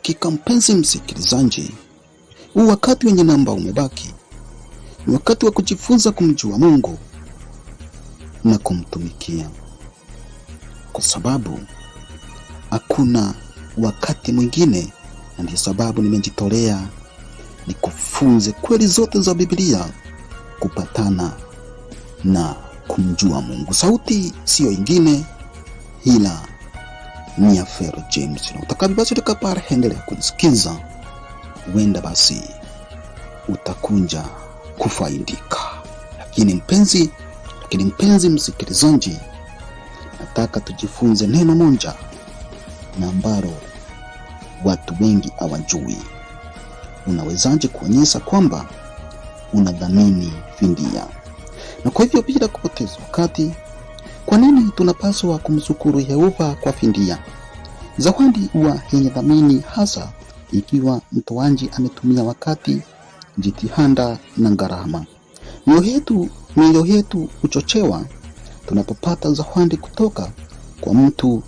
Hakika mpenzi msikilizaji, huu wakati wenye namba umebaki, ni wakati wa kujifunza kumjua Mungu na kumtumikia, kwa sababu hakuna wakati mwingine. Na ndiyo sababu nimejitolea nikufunze kweli zote za Biblia kupatana na kumjua Mungu. Sauti siyo ingine ila ni ya Fero James. Nakutaka basi tukapata, endelea kunisikiza, huenda basi utakunja kufaindika Lakini mpenzi, lakini mpenzi msikilizaji, nataka tujifunze neno moja na ambalo watu wengi hawajui. Unawezaje kuonyesha kwamba unadhamini fidia? Na kwa hivyo bila kupoteza wakati kwa nini tunapaswa kumshukuru Yehova kwa fidia? Zawadi huwa yenye dhamini hasa ikiwa mtoaji ametumia wakati, jitihada na gharama. Mioyo yetu mioyo yetu huchochewa tunapopata zawadi kutoka kwa mtu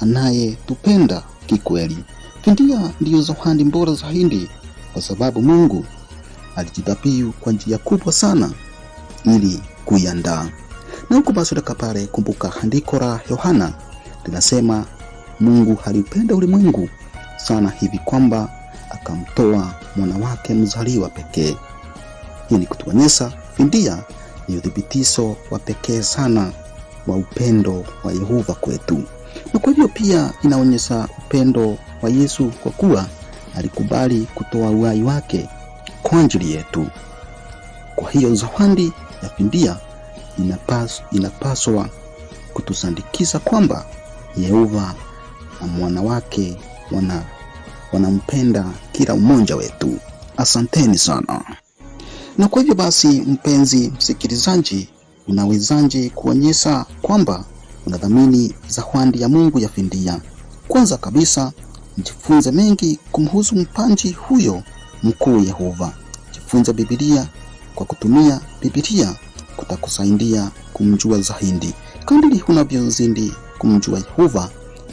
anayetupenda kikweli. Fidia ndiyo zawadi bora zaidi, kwa sababu Mungu alijidhabihu kwa njia kubwa sana ili kuiandaa na huko basi utaka pale, kumbuka andiko la Yohana linasema Mungu aliupenda ulimwengu sana hivi kwamba akamtoa mwana wake mzaliwa pekee. Hii ni kutuonyesha fidia ni udhibitiso wa pekee sana wa upendo wa Yehova kwetu, na kwa hivyo pia inaonyesha upendo wa Yesu kwa kuwa alikubali kutoa uhai wake kwa ajili yetu. Kwa hiyo zawadi ya fidia inapaswa, inapaswa kutusandikiza kwamba Yehova na mwana wake wana wanampenda kila mmoja wetu. Asanteni sana. Na kwa hivyo basi, mpenzi msikilizaji, unawezaje kuonyesha kwamba unadhamini zawadi ya Mungu ya fidia? Kwanza kabisa, jifunze mengi kumhusu mpanji huyo mkuu Yehova. Jifunze Biblia kwa kutumia Biblia kutakusaidia kumjua zaidi. Kadiri unavyozidi kumjua Yehova,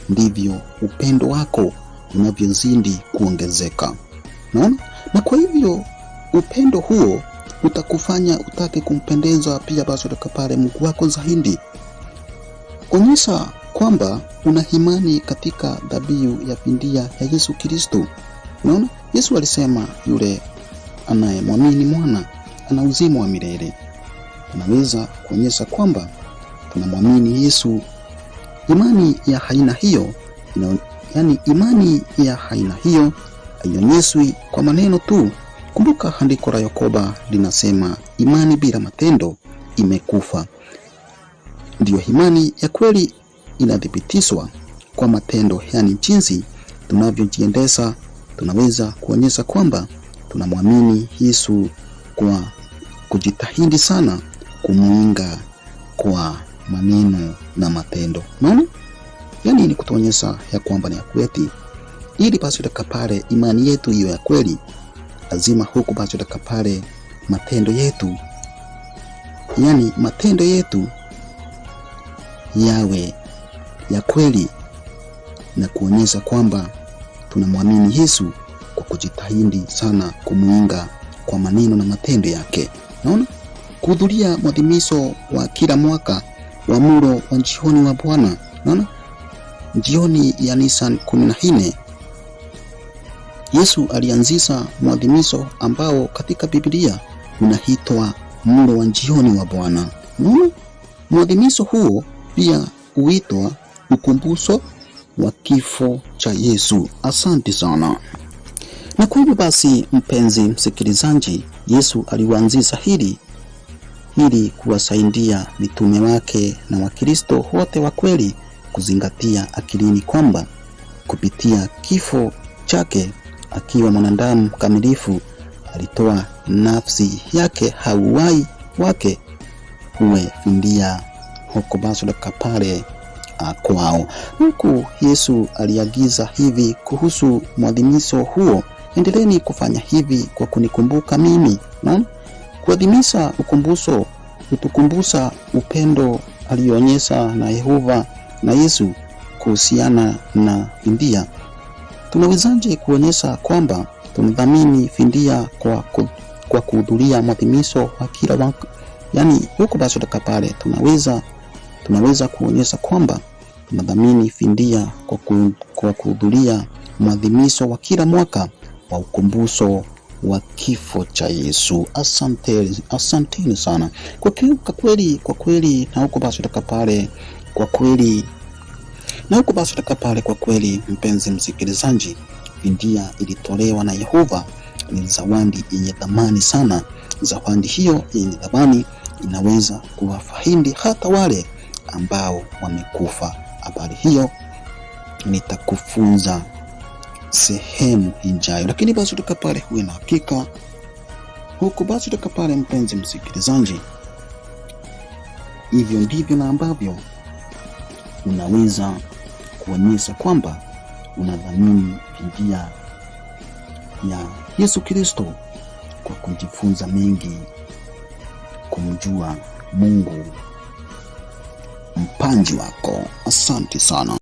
ndivyo upendo wako unavyozidi kuongezeka. Naona, na kwa hivyo upendo huo utakufanya utake kumpendeza pia basi utoka pale Mungu wako zaidi. Onyesha kwamba una imani katika dhabihu ya fidia ya Yesu Kristo. Unaona, Yesu alisema yule anayemwamini mwana ana uzima wa milele tunaweza kuonyesha kwamba tunamwamini Yesu. Imani ya aina hiyo ina, yani imani ya aina hiyo haionyeshwi kwa maneno tu. Kumbuka andiko la Yakoba linasema imani bila matendo imekufa. Ndiyo, imani ya kweli inathibitishwa kwa matendo, yani jinsi tunavyojiendesha. Tunaweza kuonyesha kwamba tunamwamini Yesu kwa kujitahidi sana kumuinga kwa maneno na matendo. Maana yani ni kutuonyesha ya kwamba ni ya kweli, ili basi tutaka pale imani yetu hiyo ya kweli lazima huku basi tutaka pale matendo yetu, yani matendo yetu yawe ya kweli na kuonyesha kwamba tunamwamini Yesu kwa kujitahidi sana kumuinga kwa maneno na matendo yake. Naona kuhudhuria mwadhimisho wa kila mwaka wa mulo wa njioni wa Bwana. Naona njioni ya Nisan kumi na nne Yesu alianzisha mwadhimisho ambao katika Biblia unahitwa mulo wa njioni wa Bwana. Naona mwadhimisho huo pia huitwa ukumbusho wa kifo cha Yesu. Asante sana. Na kwa hivyo basi, mpenzi msikilizaji, Yesu aliuanzisha hili ili kuwasaidia mitume wake na Wakristo wote wa kweli kuzingatia akilini kwamba kupitia kifo chake akiwa mwanadamu kamilifu alitoa nafsi yake hauwai wake huwe findia huko basoleka pale kwao. Huku Yesu aliagiza hivi kuhusu mwadhimisho huo, endeleni kufanya hivi kwa kunikumbuka mimi na Kuadhimisha ukumbusho hutukumbusha upendo alionyesha na Yehova na Yesu kuhusiana na fidia. Tunawezaje kuonyesha kwamba tunadhamini fidia kwa, kwa kuhudhuria maadhimisho wa kila waka? Yaani huko basi pale tunaweza tunaweza kuonyesha kwamba tunadhamini fidia kwa kuhudhuria maadhimisho wa kila mwaka wa ukumbusho wa kifo cha Yesu. Asante, asanteni sana kwa kweli, kwa kweli. Na huko basi utaka pale kwa kweli, na huko basi utaka pale kwa kweli, mpenzi msikilizaji, fidia ilitolewa na Yehova ni zawadi yenye thamani sana. Zawadi hiyo yenye thamani inaweza kuwafahindi hata wale ambao wamekufa. Habari hiyo nitakufunza sehemu ijayo. Lakini basi kutoka pale huwe na hakika huku basi kutoka pale, mpenzi msikilizaji, hivyo ndivyo na ambavyo unaweza kuonyesha kwamba unadhamini njia ya Yesu Kristo kwa kujifunza mengi, kumjua Mungu mpanji wako. Asante sana.